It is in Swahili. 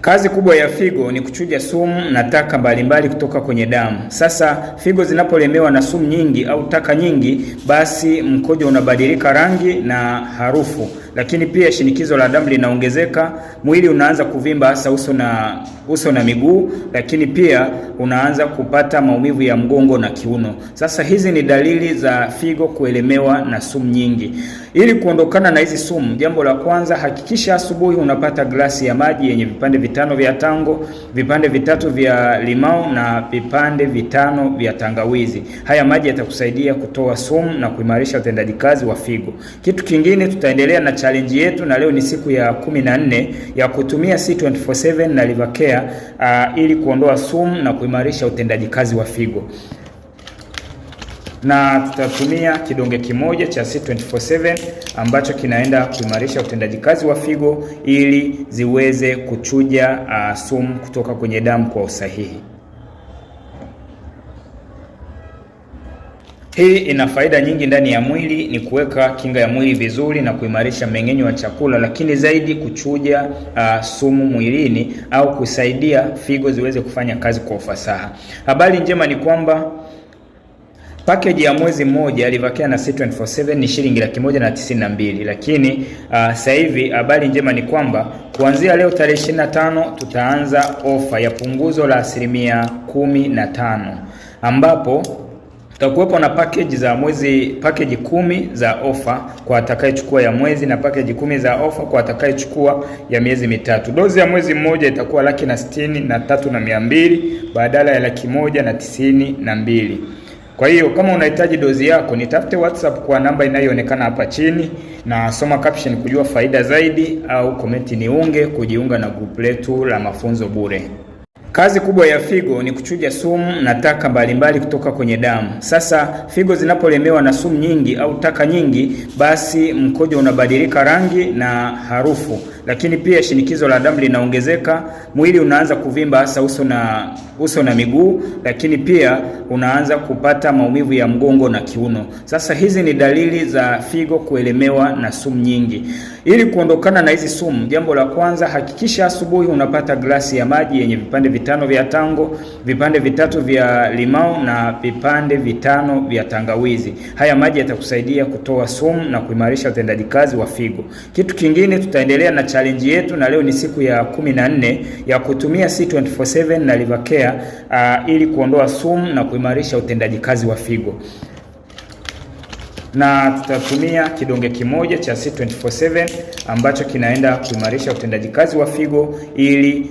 Kazi kubwa ya figo ni kuchuja sumu na taka mbalimbali kutoka kwenye damu. Sasa figo zinapolemewa na sumu nyingi au taka nyingi, basi mkojo unabadilika rangi na harufu lakini pia shinikizo la damu linaongezeka, mwili unaanza kuvimba hasa uso na, uso na miguu, lakini pia unaanza kupata maumivu ya mgongo na kiuno. Sasa hizi ni dalili za figo kuelemewa na sumu nyingi. Ili kuondokana na hizi sumu, jambo la kwanza, hakikisha asubuhi unapata glasi ya maji yenye vipande vitano vya tango, vipande vitatu vya limao na vipande vitano vya tangawizi. Haya maji yatakusaidia kutoa sumu na kuimarisha utendaji kazi wa figo. Kitu kingine tutaendelea na challenge yetu, na leo ni siku ya kumi na nne ya kutumia C247 na Livercare uh, ili kuondoa sumu na kuimarisha utendaji kazi wa figo na tutatumia kidonge kimoja cha C247 ambacho kinaenda kuimarisha utendaji kazi wa figo ili ziweze kuchuja uh, sumu kutoka kwenye damu kwa usahihi. Hii ina faida nyingi ndani ya mwili, ni kuweka kinga ya mwili vizuri na kuimarisha mmeng'enyo wa chakula, lakini zaidi kuchuja uh, sumu mwilini au kusaidia figo ziweze kufanya kazi kwa ufasaha. Habari njema ni kwamba pakeji ya mwezi mmoja alivakia na C24/7 ni shilingi laki moja na tisini na mbili, lakini ah, sasa hivi habari njema ni kwamba kuanzia leo tarehe 25 tutaanza ofa ya punguzo la asilimia kumi na tano ambapo Kutakuwepo na package za mwezi, package kumi za ofa kwa atakayechukua ya mwezi na package kumi za ofa kwa atakayechukua ya miezi mitatu. Dozi ya mwezi mmoja itakuwa laki na sitini na tatu na mia mbili badala ya laki moja na tisini na mbili. Kwa hiyo kama unahitaji dozi yako, nitafute WhatsApp kwa namba inayoonekana hapa chini na soma caption kujua faida zaidi, au komenti niunge kujiunga na grupu letu la mafunzo bure. Kazi kubwa ya figo ni kuchuja sumu na taka mbalimbali kutoka kwenye damu. Sasa figo zinapolemewa na sumu nyingi au taka nyingi, basi mkojo unabadilika rangi na harufu lakini pia shinikizo la damu linaongezeka, mwili unaanza kuvimba hasa uso na, uso na miguu, lakini pia unaanza kupata maumivu ya mgongo na kiuno. Sasa hizi ni dalili za figo kuelemewa na sumu nyingi. Ili kuondokana na hizi sumu, jambo la kwanza, hakikisha asubuhi unapata glasi ya maji yenye vipande vitano vya tango, vipande vitatu vya limao na vipande vitano vya tangawizi. Haya maji yatakusaidia kutoa sumu na kuimarisha utendaji kazi wa figo. Kitu kingine tutaendelea na cha challenge yetu, na leo ni siku ya kumi na nne ya kutumia C247 na Livercare uh, ili kuondoa sumu na kuimarisha utendaji kazi wa figo na tutatumia kidonge kimoja cha C247 ambacho kinaenda kuimarisha utendaji kazi wa figo ili